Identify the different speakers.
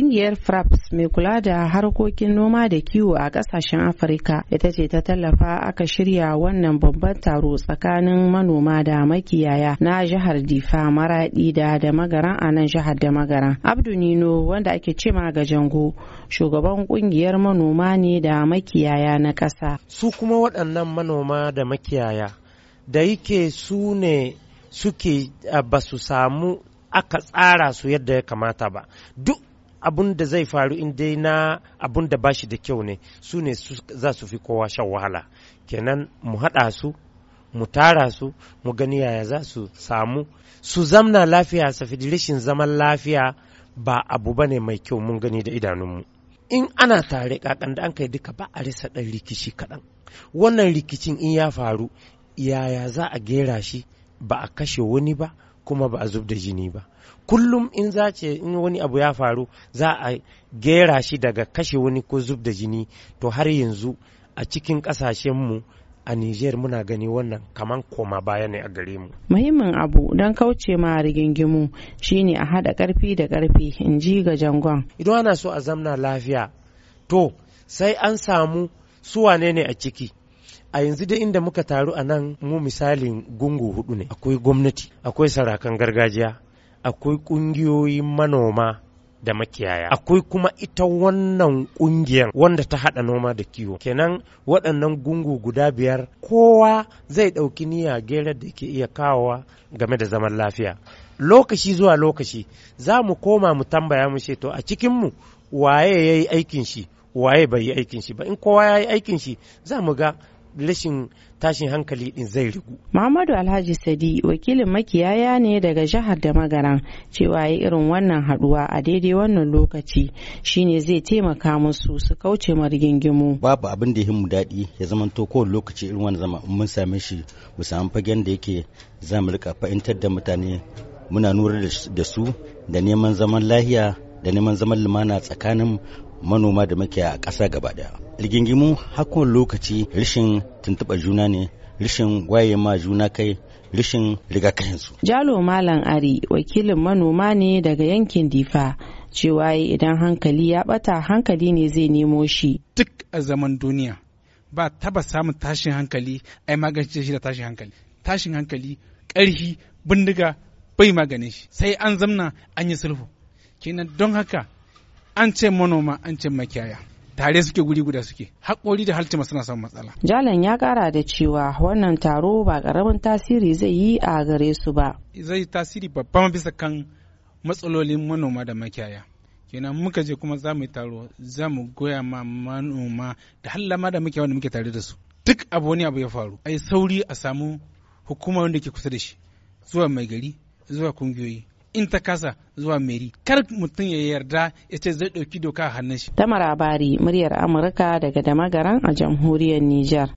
Speaker 1: Kungiyar FRAPS mai kula da harkokin noma da kiwo a kasashen Afirka ita ce ta tallafa aka shirya wannan babban taro tsakanin manoma da makiyaya na jihar Difa maraɗi da da magaran a nan jihar da magaran. Abdu Nino wanda ake ce ga jango shugaban kungiyar manoma ne da makiyaya na ƙasa.
Speaker 2: Su kuma waɗannan manoma da makiyaya da yake su ne suke ba su samu aka tsara su yadda ya kamata ba duk abun da zai faru in dai na abun da bashi da kyau ne su ne za su fi kowa shan wahala kenan mu haɗa su mu tara su mu gani yaya za su samu su zamna lafiya safi rashin zaman lafiya ba abu bane mai kyau mun gani da idanunmu in ana tare kakan da an kai duka ba a risa ɗan rikici kaɗan wannan rikicin in ya faru yaya za a gera shi ba a kashe wani ba kuma ba a zub da jini ba kullum in za ce in wani abu ya faru za a gera shi daga kashe wani ko zub da jini to har yanzu a cikin ƙasashenmu a Nijar muna gani wannan kamar koma baya ne a gare mu.
Speaker 1: Muhimmin abu don kauce ma rigingimu shine a haɗa ƙarfi da ƙarfi in ji ga jangon.
Speaker 2: Idan ana so a zamna lafiya to sai an samu su wanene ne a ciki a yanzu dai inda muka taru a nan mu misalin gungu hudu ne akwai gwamnati akwai sarakan gargajiya akwai kungiyoyin manoma da makiyaya akwai kuma ita wannan ƙungiyar. wanda ta haɗa noma da kiwo kenan waɗannan gungu guda biyar kowa zai ɗauki niyya gerar da ke iya kawowa game da zaman lafiya lokaci zuwa lokaci za mu koma mu tambaya mu to a cikinmu waye ya yi aikin shi waye bai yi aikin shi ba in kowa ya yi aikin shi za mu ga rashin tashin hankali din zai rigu.
Speaker 1: Muhammadu Alhaji Sadi wakilin makiyaya ne daga jihar da magaran cewa ya irin wannan haduwa a daidai wannan lokaci shine zai taimaka musu su kauce ma rigingimu. Babu abin da ya mu daɗi
Speaker 3: ya zamanto ko lokaci irin wannan zama mun same shi mu samu fagen da yake za mu rika fahimtar da mutane muna nura da su da neman zaman lahiya da neman zaman lumana tsakanin manoma da makiyaya a ƙasa gaba daya. rigingimu hakon lokaci rashin tuntuɓa juna ne rashin waye ma juna kai rashin rigakahinsu.
Speaker 1: Jalo Malam Ari wakilin manoma ne daga yankin Difa cewa idan hankali ya bata hankali ne zai nemo shi. Duk a zaman duniya
Speaker 4: ba taba samun tashin hankali ai magance shi da tashin hankali. Tashin hankali ƙarhi bindiga bai maganin shi sai an zamna an yi sulhu. Kenan don haka an ce manoma an ce makiyaya. tare suke guri guda suke haƙori da haltima suna samun matsala
Speaker 1: jalan ya kara da cewa wannan taro ba karamin tasiri zai yi a gare su ba
Speaker 4: zai tasiri babban bisa kan matsalolin manoma da makiyaya kenan muka je kuma za mu yi taro za mu goya ma manoma da hallama da muke wanda muke tare da su duk abu wani abu ya faru ai sauri a samu hukumar wanda ke kusa da shi zuwa mai gari zuwa kungiyoyi in ta kasa zuwa meri kar mutum ya yarda ya ce zai ɗauki doka a hannun shi.
Speaker 1: Tamara Bari muryar Amurka daga Damagaran a jamhuriyar Nijar.